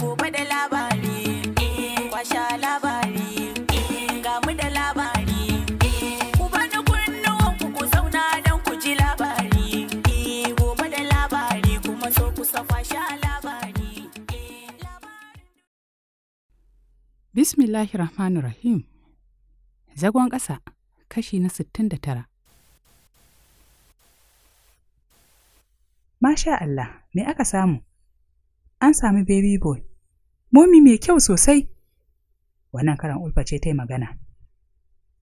gobe da labari eh, kwasha labari eh, ga mu da labari eh, ku bani kunnuwan ku ku zauna don ku ji labari gobe da labari kuma so ku kwasha labari bismillahir rahmanir rahim zagon ƙasa kashi na sittin da tara. Masha Allah, me aka samu? An sami baby boy, momi mai kyau sosai wannan karan ulfa ce ta yi magana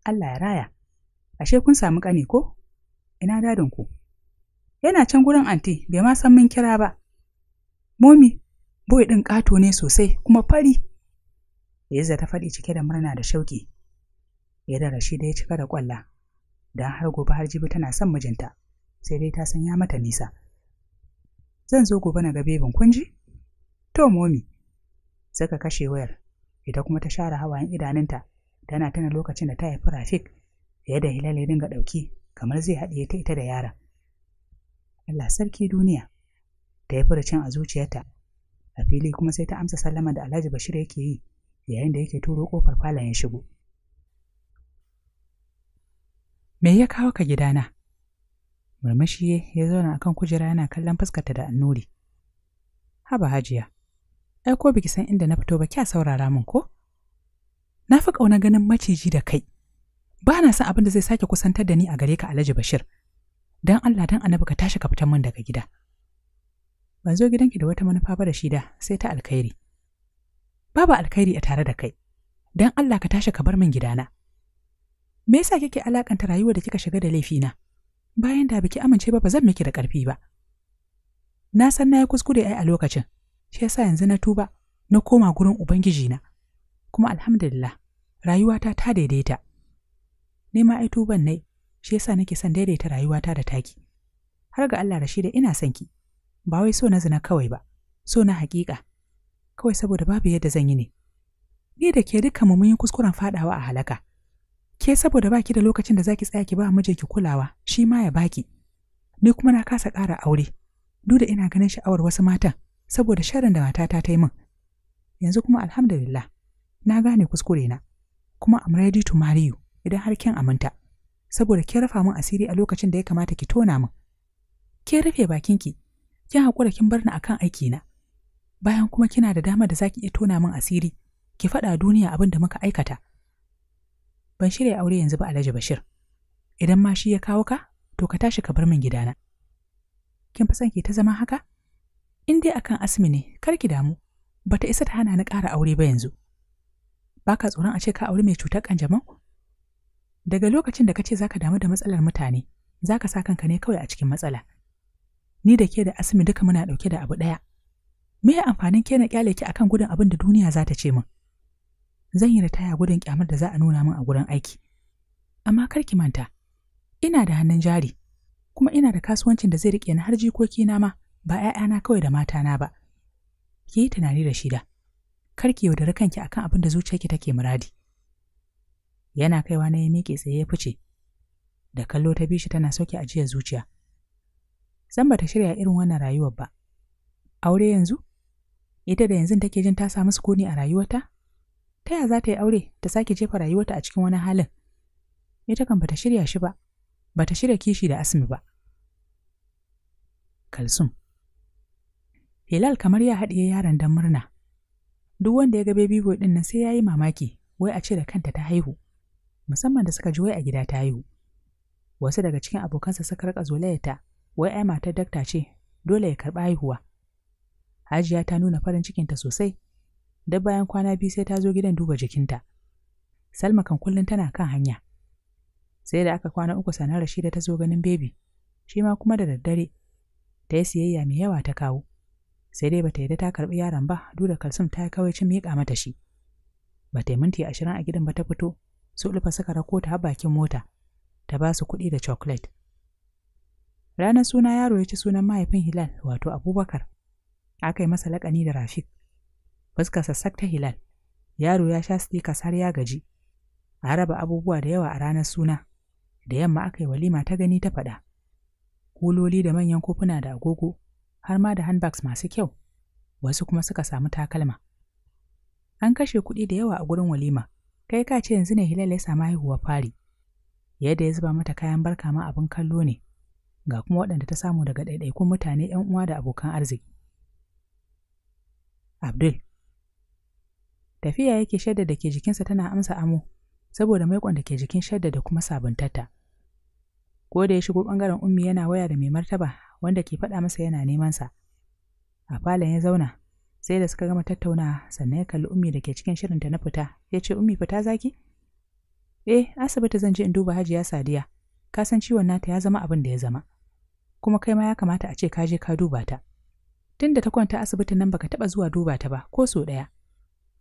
allah ya raya ashe kun samu ƙani ko ina dadin ku yana can gurin anti bai ma san mun kira ba momi boy ɗin ƙato ne sosai kuma fari yadda ta faɗi cike da murna da shauki ya shauƙi yadda da ya cika da ƙwalla don har gobe har jibi tana son mijinta sai dai ta san ya mata nisa zan zo gobe na ga bebin kunji to momi suka kashe wayar ita kuma ta share hawayen idanunta tana tana lokacin da ta haifi rafik da hilal ya dinga ɗauki kamar zai haɗiye ta ita da yara. allah sarki duniya ta yi furucin a zuciyarta a fili kuma sai ta amsa sallama da alhaji bashir yake yi yayin da yake turo kofar falon ya shigo me ya kawo ka gidana murmushi ya zauna akan kujera yana kallon fuskarta da annuri haba hajiya ai ko biki san inda na fito ba kya saurara min ko na fi ƙauna ganin maciji da kai ba na san abin da zai sake kusantar da ni a gare ka Alhaji Bashir dan Allah dan Annabi ka tashi ka fita min daga gida ban zo gidanki da wata manufa ba da shi da sai ta alkhairi babu alkhairi a tare da kai dan Allah ka tashi ka bar min gidana me yasa kike alakanta rayuwar da kika shiga da laifina bayan da biki amince ba ba zan miki da karfi ba na san na yi kuskure ai a lokacin shi yasa yanzu na tuba na koma gurin na. kuma alhamdulillah rayuwata ta daidaita ni ma ai tuban nai shi yasa nake son daidaita rayuwata da taki har ga Allah da ina son ki ba wai so na zina kawai ba so na haƙiƙa kawai saboda babu yadda zan yi ne ni da ke duka mu mun yi kuskuren fadawa a halaka ke saboda baki da lokacin da zaki tsaya ki ba mijinki kulawa shi ma ya baki ni kuma na kasa ƙara aure duk da ina ganin sha'awar wasu matan saboda sharin da matata ta yi min. Yanzu kuma alhamdulillah, na gane kuskure na, kuma I'm ready to marry you idan har kin aminta, saboda kin rafa min asiri a lokacin da ya kamata ki tona min. Kin rufe bakin ki, kin haƙura kin bar ni akan aikina. Bayan kuma kina da dama da za ki iya tona min asiri, ki faɗa duniya abin da muka aikata. Ban shirya aure yanzu ba Alhaji Bashir. Idan ma shi ya kawo ka, to ka tashi ka bar min gidana. Kin fi son ki ta zama haka? in dai akan asmi ne kar ki damu bata isa ta hana ni ƙara aure ba yanzu baka tsoron a ce ka aure mai cutar kanjamau daga lokacin da kace zaka damu da matsalar mutane zaka sa kanka ne kawai a cikin matsala ni da ke da asmi duka muna dauke da abu daya me ya amfanin ke na kyale ki akan gudun abin da duniya za ta ce min zan yi ritaya gudun kyamar da za a nuna min a gurin aiki amma kar ki manta ina da hannun jari kuma ina da kasuwancin da zai rike ni har jikoki na ma ba ‘ya'yana kawai da matana ba ki yi tunani da shida kar ki yaudari kanki akan abin da zuciyarki take muradi yana kaiwa na ya miƙe tsaye ya fice da kallo ta bishi tana soke ajiyar zuciya zan ba ta shirya irin wannan rayuwar ba aure yanzu ita da yanzu take jin ta samu sukuni a rayuwarta ta ya za ta yi aure ta sake jefa rayuwarta a cikin wani halin ita kan bata shirya shi ba bata shirya kishi da asmi ba kalsum Hilal kamar ya haɗiye yaron don murna. Duk wanda ya ga baby boy ɗin nan sai ya yi mamaki, wai a ce da kanta ta haihu, musamman da suka ji wai a gida ta haihu. Wasu daga cikin abokansa suka rika zolayata, wai ai matar dakta ce, dole ya karɓa haihuwa. Hajiya ta nuna farin cikinta sosai, da bayan kwana biyu sai ta zo gidan duba jikinta. Salma kan kullum tana kan hanya. Sai da aka kwana uku sanar Rashida ta zo ganin bebi, shi ma kuma da daddare. Ta yi siyayya mai yawa ta kawo. sai dai bata yadda ta karɓi yaron ba duk da kalsum ta kawai cin miƙa mata shi ba ta yi minti ashirin a gidan ba ta fito su ulfa suka rako ta har bakin mota ta ba su kuɗi da chocolate ranar suna yaro ya ci sunan mahaifin hilal wato abubakar aka yi masa laƙani da rafik fuskarsa sassak ta hilal yaro ya sha stikas har ya gaji a raba abubuwa da yawa a ranar suna da yamma aka yi walima ta gani ta faɗa kuloli da manyan kofuna da agogo har ma da handbags masu kyau, wasu kuma suka samu takalma. An kashe kuɗi da yawa a gurin walima, kai ka ce yanzu ne Hilal ya samu haihuwa fari. Yadda ya zuba mata kayan barka ma abin kallo ne, ga kuma waɗanda ta samu daga ɗaiɗaikun mutane ‘yan uwa da abokan arziki. Abdul Tafiya yake shadda da ke jikinsa tana amsa amo, saboda maiƙon da ke jikin shadda da kuma sabuntarta. Ko da ya shigo ɓangaren ummi yana waya da mai martaba wanda ke faɗa masa yana neman sa. A falon ya zauna, sai da suka gama tattauna sannan ya kalli ummi da ke cikin shirinta na fita, ya ce ummi fita zaki? Eh, asibiti zan je in duba hajiya Sadiya, ka san ciwon nata ya zama abin da ya zama. Kuma kai ma ya kamata a ce ka je ka duba ta. Tun da ta kwanta asibitin nan baka taɓa zuwa duba ta ba, ko so ɗaya.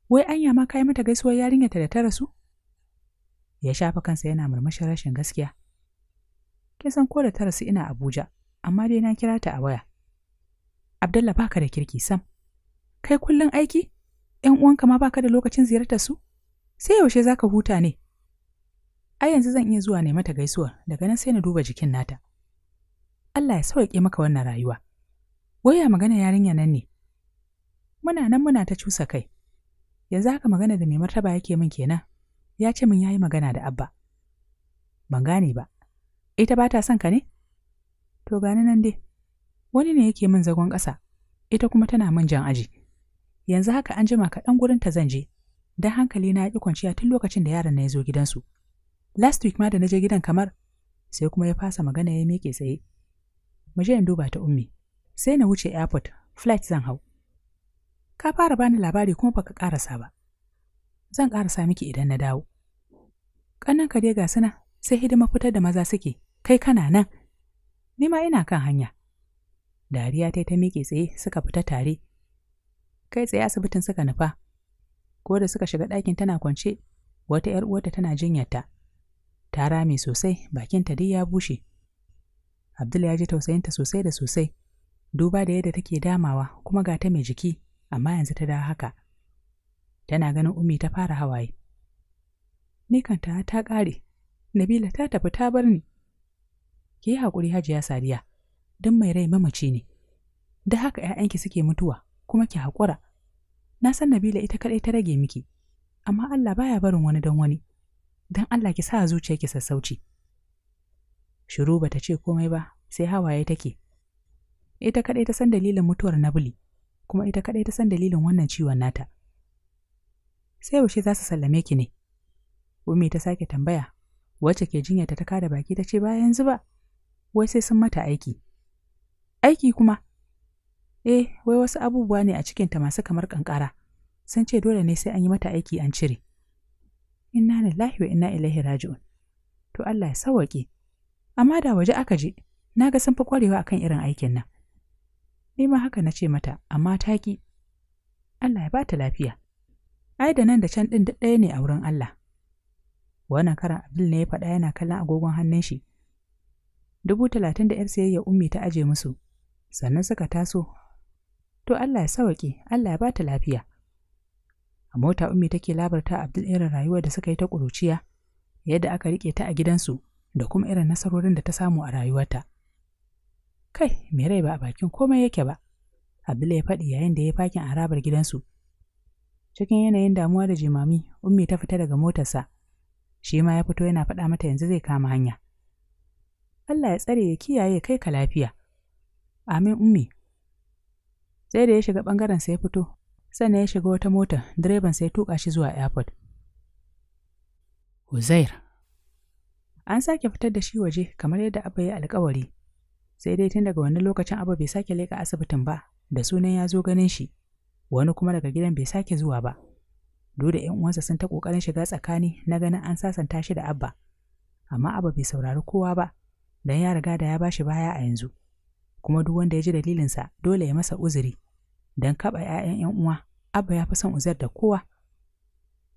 Wai anya ma ka yi mata gaisuwar yarinyarta da ta rasu? Ya shafa kansa yana murmushin rashin gaskiya. Kin san ko da ta rasu ina Abuja, amma dai na kira ta a waya. Abdullah baka da kirki sam. Kai kullum aiki? ‘Yan uwanka ma baka da lokacin ziyartar su? Sai yaushe za ka huta ne? Ai yanzu zan iya zuwa ne mata gaisuwa daga nan sai na duba jikin nata. Allah ya sauke maka wannan rayuwa. Waya magana yarinya nan ne. Muna nan muna ta cusa kai. Yanzu haka magana da mai martaba yake min kenan. Ya ce min yayi magana da Abba. Ban gane ba. Ita ba ta son ka ne? To gani nan dai, wani ne yake min zagon ƙasa, ita kuma tana min jan aji. Yanzu haka an jima kaɗan gurin ta zan je, don hankali na ya kwanciya tun lokacin da yaron na ya zo gidansu. Last week ma da na je gidan kamar, sai kuma ya fasa magana ya miƙe tsaye. Mu je in duba ta ummi, sai na wuce airport, flight zan hau. Ka fara bani labari kuma baka ƙarasa ba. Zan ƙarasa miki idan na dawo. Ƙannan ka dai ga suna sai hidima fitar da maza suke, kai kana nan. ni ma ina kan hanya. Dariya ta ta miƙe tsaye suka fita tare. Kai tsaye asibitin suka nufa. Ko da suka shiga ɗakin tana kwance, wata ‘yar uwarta tana jinyarta. Ta rame sosai, bakinta dai ya bushe. Abdul ya ji tausayinta sosai da sosai, duba da yadda take damawa kuma ga ta mai jiki, amma yanzu ta dawo haka. Tana ganin Ummi ta fara hawaye. Ni kanta ta ƙare, Nabila ta tafi ta bar ni. ki yi hakuri, hajiya sadiya don mai rai mamaci ne da haka 'ya'yanki suke mutuwa kuma ki haƙura na san nabila ita kaɗai ta rage miki amma allah baya barin wani don wani don allah ki sa ki sassauci shiru ba ta ce komai ba sai hawaye take ita kaɗai ta san dalilin mutuwar nabili kuma ita kaɗai ta san dalilin wannan ciwon nata sai yaushe za su sallame ki ne Umi ta sake tambaya, wacce ke jinyata ta kada baki ta ce ba yanzu ba, wai sai sun mata aiki. Aiki kuma? Eh, wai wasu abubuwa ne a cikinta masu kamar ƙanƙara, sun ce dole ne sai an yi mata aiki an cire. Inna lillahi wa inna ilaihi raji'un. To Allah ya sawwaƙe. Amma da waje aka je, na ga sun fi ƙwarewa akan irin aikin nan. Ni ma haka na ce mata, amma ta ki. Allah ya bata lafiya. Ai da nan da can ɗin duk ɗaya ne a wurin Allah. Wannan karan Abdul ne ya faɗa yana kallon agogon hannun shi, dubu talatin da ‘yar siyayya ummi ta aje musu, sannan suka taso. To Allah ya sawaƙe, Allah ya bata lafiya. A mota ummi take labarta Abdul irin rayuwar da suka yi ta ƙuruciya, yadda aka riƙe ta a gidansu da kuma irin nasarorin da ta samu a rayuwarta. Kai, me rai ba a bakin komai yake ba, Abdul ya faɗi yayin da ya fakin arabar harabar gidansu. Cikin yanayin damuwa da jimami, ummi ta fita daga motarsa, shi ma ya fito yana faɗa mata yanzu zai kama hanya. Allah ya tsare ya kiyaye kai ka lafiya. Amin ummi. Sai da ya shiga bangaren sai ya fito, sannan ya shiga wata mota, direban sai ya tuƙa shi zuwa airport. Uzair. An sake fitar da shi waje kamar yadda Abba ya alkawari. Sai dai tun daga wani lokacin Abba bai sake leƙa asibitin ba, da sunan ya zo ganin shi, wani kuma daga gidan bai sake zuwa ba. Duk da 'yan uwansa sun ta ƙoƙarin shiga tsakani na ganin an sasanta shi da Abba, amma Abba bai saurari kowa ba. don ya riga da ya bashi baya a yanzu kuma duk wanda ya ji dalilinsa dole ya masa uzuri don kaɓa 'ya'yan 'yan uwa abba ya fi son uzar da kowa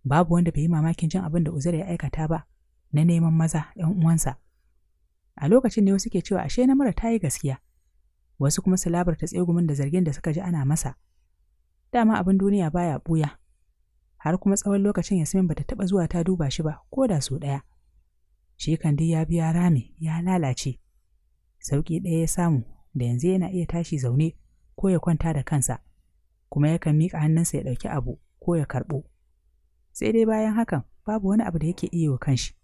babu wanda bai yi mamakin jin abin da uzar ya aikata ba na neman maza ‘yan uwansa. A lokacin ne wasu ke cewa ashe na mara ta yi gaskiya, wasu kuma su ta tsegumin da zargin da suka ji ana masa. Dama abin duniya baya buya, har kuma tsawon lokacin Yasmin bata taɓa zuwa ta duba shi ba ko da sau ɗaya. shi kan ya biya rami ya lalace sauƙi ɗaya ya samu da yanzu yana iya tashi zaune ko ya kwanta da kansa kuma yakan miƙa hannunsa ya ɗauki abu ko ya karɓo sai dai bayan hakan babu wani abu da yake iya wa kanshi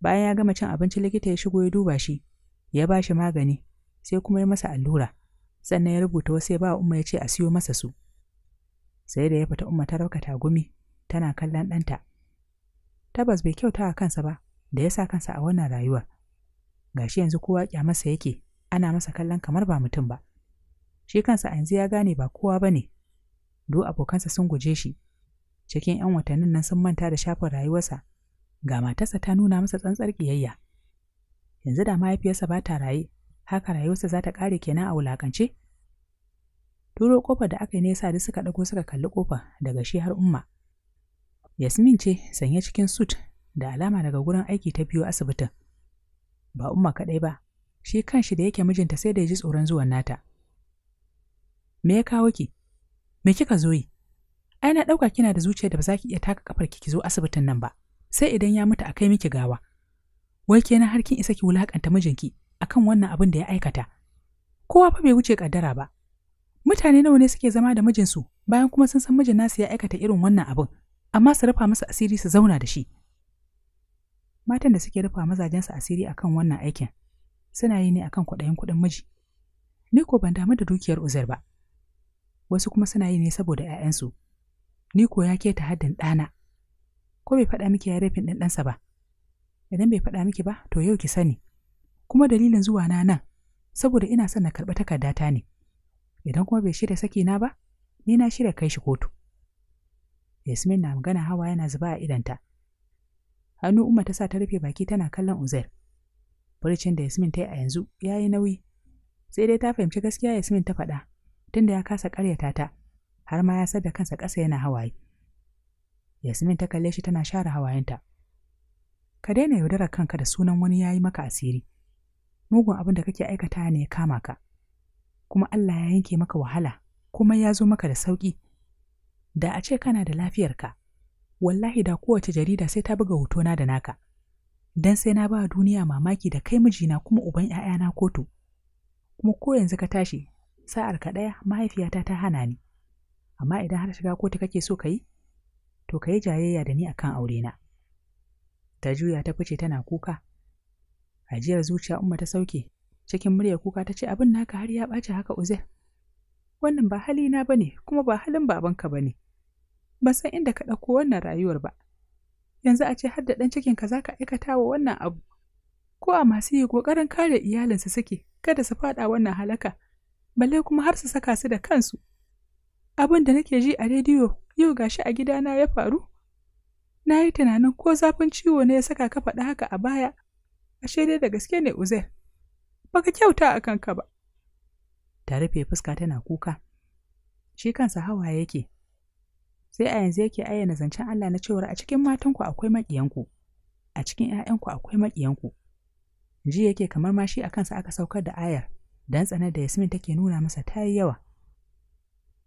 bayan ya gama cin abinci likita ya shigo ya duba shi ya ba shi magani sai kuma ya masa allura sannan ya rubuta wasu ya ba umma ya ce a siyo masa su sai da ya fita umma ta rauka tagumi tana kallon ɗanta tabbas bai kyauta a kansa ba da ya sa kansa a wannan rayuwar gashi yanzu kowa kyamarsa yake ana masa kallon kamar ba mutum ba shi kansa a yanzu ya gane ba kowa ba ne do abokansa sun guje shi cikin 'yan watannin nan sun manta da shafin rayuwarsa ga matarsa ta nuna masa tsantsar ƙiyayya yanzu da mahaifiyarsa ba ta raye haka rayuwarsa za ta ƙare kenan a wulakance turo kofar da aka yi nesa duk suka ɗago suka kalli kofa daga shi har umma yasmin ce sanye cikin sut da alama daga gurin aiki ta biyu asibitin ba umma kaɗai ba shi kanshi da yake mijinta sai da ya ji tsoron zuwan nata me ya kawo ki me kika zo yi ai na ɗauka kina da zuciya da ba za ki iya taka kafar ki zo asibitin nan ba sai idan ya mutu a kai miki gawa wai kenan har kin isa ki wulakanta mijinki akan wannan abin da ya aikata kowa fa bai wuce kaddara ba mutane nawa ne suke zama da mijinsu bayan kuma sun san mijin nasu ya aikata irin wannan abin amma su rufa masa asiri su zauna da shi matan da suke rufa mazajensu asiri akan wannan aikin suna yi ne akan kwaɗayin kuɗin miji ni ko ban damu da dukiyar uzair ba wasu kuma suna yi ne saboda 'ya'yansu ni ko ya keta haddin ɗana ko bai faɗa miki ya rafin ɗin ɗansa ba idan bai faɗa miki ba to yau ki sani kuma dalilin zuwa na nan saboda ina son na karɓi takardata ne idan kuma bai shirya saki na ba ni na shirya kai shi kotu Yasmin na magana hawa yana zuba a idanta. hannu umma ta sa ta rufe baki tana kallon uzair furicin da yasmin ta yi a yanzu ya yi nauyi sai dai ta fahimci gaskiya yasmin ta faɗa tunda ya kasa ƙaryata ta har ma ya sar da kansa ƙasa yana hawaye yasmin ta kalle shi tana share hawayenta ka daina yaudarar kanka da sunan wani ya yi maka asiri mugun abin da kake aikata ne ya kama ka kuma Allah ya yanke maka wahala kuma ya zo maka da sauƙi da a ce kana da lafiyar ka. wallahi da kowace jarida sai ta buga hotona da naka dan sai na ba duniya mamaki da kai mijina kuma uban 'ya'yana kotu kuma ko yanzu ka tashi sa'ar ka ɗaya mahaifiyata ta hana ni amma idan har shiga kotu kake so ka yi to ka yi jayayya da ni akan aurena ta juya ta fice tana kuka ajiyar zuciya umma ta sauke cikin murya kuka ta ce abin naka har ya ɓaci haka uzair wannan ba hali na bane kuma ba halin babanka bane ban san inda ka ɗauko wannan rayuwar ba yanzu a ce har da ɗan cikinka za ka aikata wa wannan abu ko a masu yi ƙoƙarin kare iyalinsu suke kada su faɗa wannan halaka balle kuma har su saka su da kansu abin da nake ji a rediyo yau gashi a gidana ya faru na yi tunanin ko zafin ciwo ne ya saka ka faɗa haka a baya ashe dai da gaske ne uzair baka kyauta a kanka ba ta rufe fuska tana kuka shi kansa hawa yake sai a yanzu yake ayyana zancen Allah na cewar a cikin matanku akwai maƙiyanku a cikin ‘ya'yanku akwai maƙiyanku ji yake kamar ma shi a kansa aka saukar da ayar don tsanar da Yasmin take nuna masa ta yi yawa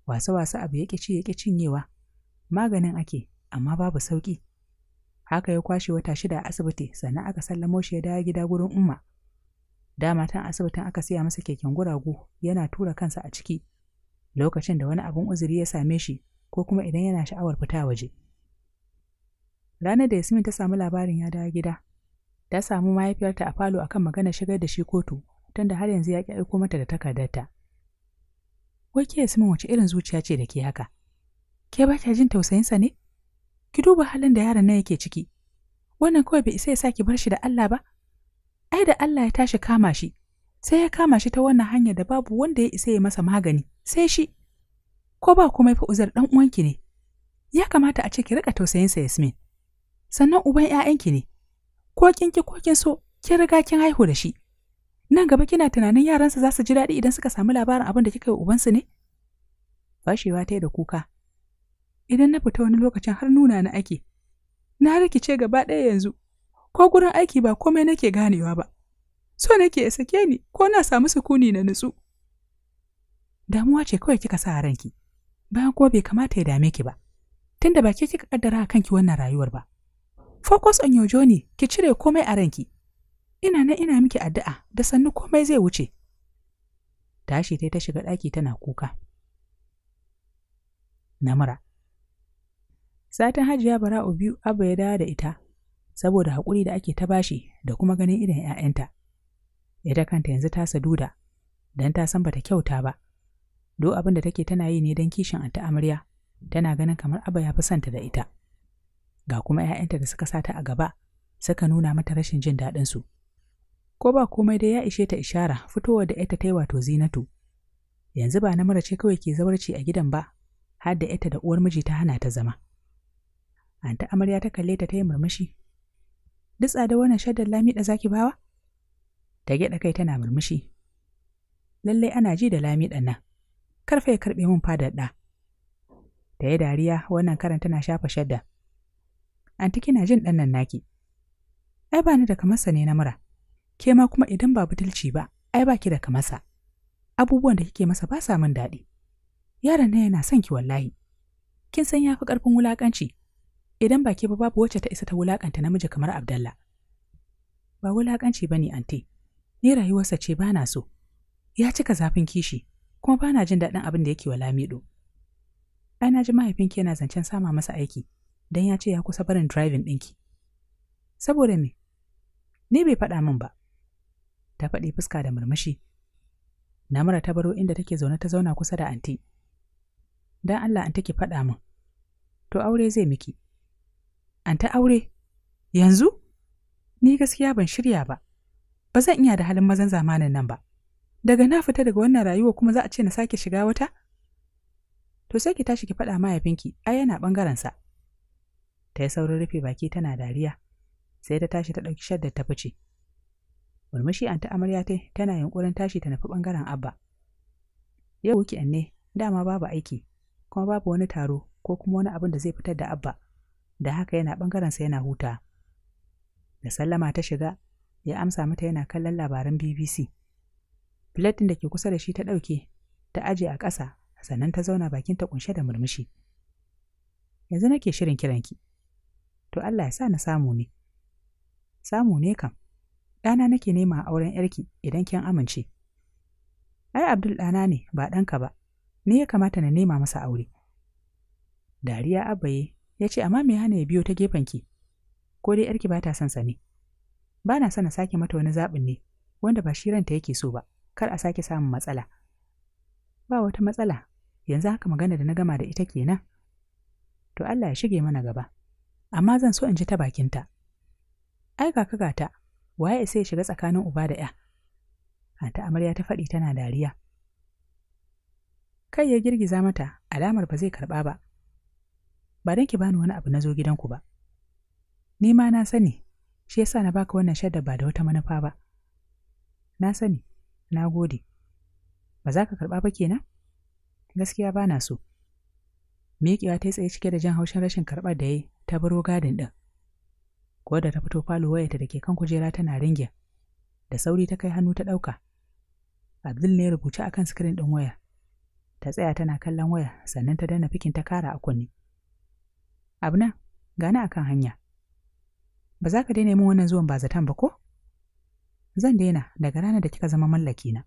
wasa-wasa abu yake ci yake cinyewa maganin ake amma babu sauƙi haka ya kwashe wata shida a asibiti sannan aka sallamo shi ya dawo gida gurin umma Da matan asibitin aka siya masa keken guragu yana tura kansa a ciki lokacin da wani abun uzuri ya same shi ko kuma idan yana sha'awar fita waje. Ranar da Yasmin ta samu labarin ya dawo gida, ta samu mahaifiyarta a falo akan magana shigar da shi kotu, tunda har yanzu ya ƙi aiko mata da takardarta. Wai ke Yasmin wace irin zuciya ce da ke haka? Ke ba ta jin tausayinsa ne? Ki duba halin da yaron nan yake ciki. Wannan kawai bai isa ya saki bar shi da Allah ba? Ai da Allah ya tashi kama shi, sai ya kama shi ta wannan hanyar da babu wanda ya isa ya masa magani, sai shi. ko ba komai fa uzar dan uwanki ne ya kamata a ce ki rika tausayin sa Yasmin sannan uban ƴaƴanki ne ko kin ki ko kin so kin riga kin haihu da shi nan gaba kina tunanin yaransa za su ji daɗi idan suka samu labarin abin da kika yi ubansu ne fashewa ta da kuka idan na fita wani lokacin har nuna na ake na rikice gaba ɗaya yanzu ko gurin aiki ba komai nake ganewa ba so nake ya sake ni ko na samu sukuni na nutsu damuwa ce kawai kika sa ranki bayan kuma bai kamata ya dame ki ba tunda ba ke kika kaddara a kanki wannan rayuwar ba focus on your journey ki cire komai a ranki ina nan ina miki addu'a da sannu komai zai wuce tashi ta shiga ɗaki tana kuka namura satin hajiya bara'u biyu abba ya dawo da ita saboda haƙuri da ake ta bashi da kuma ganin idan ‘ya'yanta ita kanta yanzu ta saduda don ta san bata kyauta ba do abin da take tana yi ne don kishin anta amarya tana ganin kamar aba ya fi santa da ita ga kuma 'ya'yanta da suka sata a gaba suka nuna mata rashin jin daɗin su ko ba komai dai ya ishe ta ishara fitowa da ita ta yi wato zinatu yanzu ba na murace kawai ke zawarci a gidan ba har da ita da uwar miji ta hana ta zama anta amarya ta kalle ta ta yi murmushi dutsa da wannan shaddar lami da zaki bawa ta gyaɗa kai tana murmushi lallai ana ji da lami ɗan nan karfa ya karɓe min fada ɗa. Da ya dariya wannan karanta na shafa shadda. Anti kina jin ɗan nan naki. Ai ba ni da kamasa ne na mura. Ke ma kuma idan ba butulci ba, ai ba ki da kamasa Abubuwan da kike masa ba sa min daɗi. Yaron nan yana son ki wallahi. Kin san ya fi ƙarfin wulaƙanci. Idan ba ke ba babu wacce ta isa ta wulaƙanta namiji kamar abdalla Ba wulaƙanci ba ne, anti. Ni rayuwarsa ce ba na so. Ya cika zafin kishi, kuma ba na jin daɗin abin da yake wa Lamido. Ai na ji mahaifinki yana zancen sama masa aiki, Dan ya ce ya kusa barin driving ɗinki. Saboda me? Ni bai faɗa min ba. Ta faɗi fuska da murmushi. Namura ta baro inda take zaune ta zauna kusa da anti. Dan Allah anti ki faɗa min. To aure zai miki. Anta aure? Yanzu? Ni gaskiya ban shirya ba. Ba zan iya da halin mazan zamanin nan ba. daga na fita daga wannan rayuwa kuma za a ce na sake shiga wata to sai ki tashi ki faɗa mahaifinki ai yana ɓangaren sa ta yi saurin rufe baki tana dariya sai ta tashi ta ɗauki shadda ta fice murmushi anta amarya ta tana yunkurin tashi ta nufi ɓangaren abba yau wuki ne dama babu aiki kuma babu wani taro ko kuma wani abin da zai fitar da abba da haka yana sa yana huta da sallama ta shiga ya amsa mata yana kallon labaran bbc Filet da ke kusa da shi ta ɗauke, ta aje a ƙasa, sannan ta zauna bakinta ƙunshe da murmushi. Yanzu nake shirin kiranki. To Allah ya sa na samu ne. Samu ne kam. Ɗana nake nema a auren ‘yarki idan kin amince. Ai Abdul ɗana ne ba ɗanka ba, ni ya kamata na nema masa aure. Dariya abbaye ya ce amma me hana ya biyo ta gefen ki. ko dai ‘yarki ba ta son sa ne. Ba na sana sake mata wani zaɓin ne, wanda ba shi ranta yake so ba. kar a sake samun matsala ba wata matsala yanzu haka magana da na gama da ita kenan to Allah ya shige mana gaba amma zan so in ji ta bakinta ai kaka gata waye sai ya shiga tsakanin uba da ya anta amarya ta faɗi tana dariya kai ya girgiza mata alamar ba zai karɓa ba ba don ki bani wani abu na zo gidanku ba ni ma na sani shi yasa na baka wannan shaddar ba da wata manufa ba na sani na gode ba za ka karɓa ba kenan gaskiya ba na so miƙewa ta tsaye cike da jan haushin rashin karɓar da ya ta baro gadin ɗin ko da ta fito falo wayarta da ke kan kujera tana ringin da sauri ta kai hannu ta ɗauka abdul ne rubuce a kan sikirin ɗin waya ta tsaya tana kallon waya sannan ta danna fikin ta kara a kunni abna gana a kan hanya ba za ka daina min wannan zuwan ba zaton ba ko zan daina daga ranar da kika zama mallaki na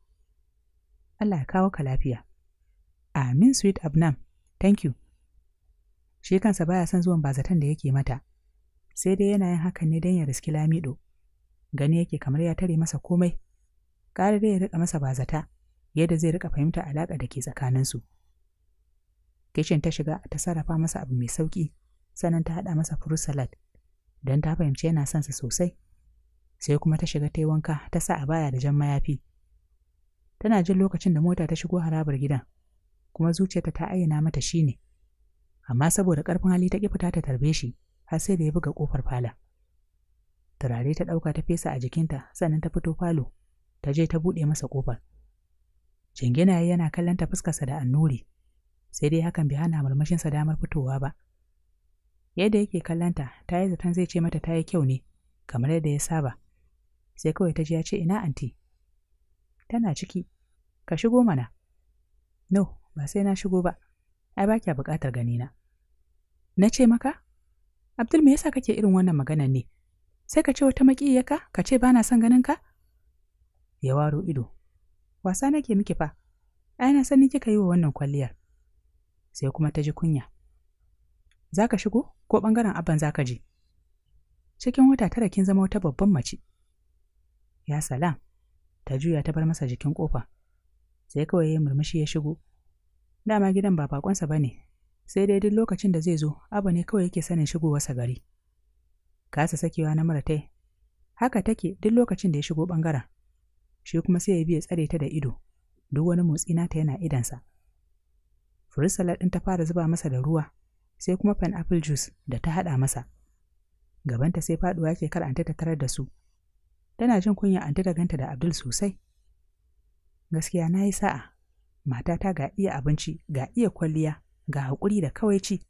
Allah ya kawo ka lafiya amin sweet abnam thank you shi kansa baya son zuwan bazatan da yake mata sai dai yana yin hakan ne don ya riski lamido gani yake kamar ya tare masa komai ƙara dai ya riƙa masa bazata yadda zai riƙa fahimta alaƙa da ke tsakaninsu kishin ta shiga ta sarrafa masa abu mai sauƙi sannan ta haɗa masa fruit salad don ta fahimci yana son sa sosai sai kuma ta shiga ta yi wanka ta sa a baya da jan mayafi tana jin lokacin da mota ta shigo harabar gidan kuma zuciyarta ta ayyana mata shi ne amma saboda ƙarfin hali ta ƙi fita ta tarbe shi har sai da ya buga ƙofar fala turare ta ɗauka ta fesa a jikinta sannan ta fito falo ta je ta buɗe masa ƙofar jingina yana kallon ta fuskarsa da annuri sai dai hakan bai hana murmushinsa damar fitowa ba yadda yake kallonta ta yi zaton zai ce mata ta yi kyau ne kamar yadda ya saba sai kawai ta ji ya ce ina anti tana ciki ka shigo mana no ba sai na shigo ba ai ba kya buƙatar ganina na ce maka abdul me yasa kake irin wannan maganan ne sai ka ce wata maƙiyaka ka ce ba son ganin ka ya waro ido wasa nake miki fa ai na san ni kika yi wa wannan kwalliyar sai kuma ta ji kunya za ka shigo ko ɓangaren abban za ka je cikin wata tara kin zama wata babban mace ya salam ta juya ta bar masa jikin kofa sai kawai ya murmushi ya shigo dama gidan ba bakonsa ba ne sai dai duk lokacin da zai zo abu ne kawai yake sanin shigowarsa gari kasa sakewa na mara tai haka take duk lokacin da ya shigo bangaren shi kuma sai ya biya tsare ta da ido duk wani motsi nata yana idansa salad ɗin ta fara zuba masa da ruwa sai kuma pineapple juice da ta haɗa masa gabanta sai faɗuwa ke karanta ta tarar da su tana jin kunya anti da ganta da Abdul sosai. Gaskiya na yi sa'a, matata ga iya abinci, ga iya kwalliya, ga haƙuri da kawai ci.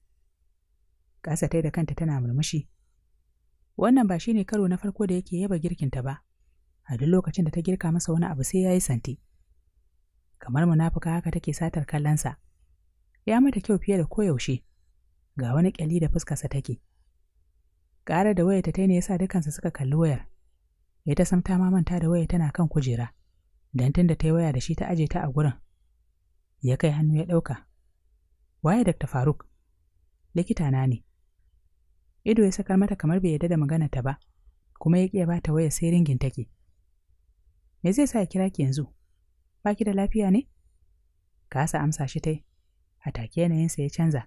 Ƙasa ta da kanta tana murmushi. Wannan ba shi ne karo na farko da yake yaba girkinta ba, a duk lokacin da ta girka masa wani abu sai ya yi santi. Kamar munafuka haka take satar kallonsa. Ya mata kyau fiye da koyaushe, ga wani ƙyali da fuskarsa take. Ƙara da wayarta ta ne sa dukansa suka kalli wayar. ta sam ta manta da waya tana kan kujera dan tun da ta yi waya da shi ta aje ta a gurin ya kai hannu ya ɗauka waye dr faruk likita na ne ido ya sakar mata kamar bai yarda da magana ta ba kuma ya ƙi ba ta waya sai ringin take me zai sa ya kira ki yanzu ba ki da lafiya ne kasa amsa shi tai a take yanayinsa ya canza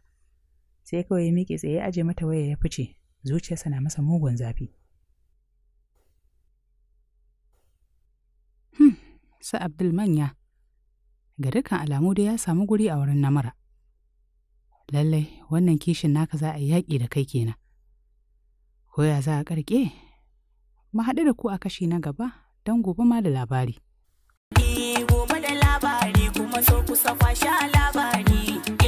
sai kawai ya miƙe tsaye aje mata waya ya fice zuciyarsa na masa mugun zafi su Abdul manya. Ga dukkan alamu dai ya samu guri a wurin namara. Lallai wannan kishin naka za a yi yaƙi da kai kenan. Koya za a ƙarƙe? Mu haɗu da ku a kashi na gaba don gobe ma da labari. gobe da labari kuma so kusa kwashe labari.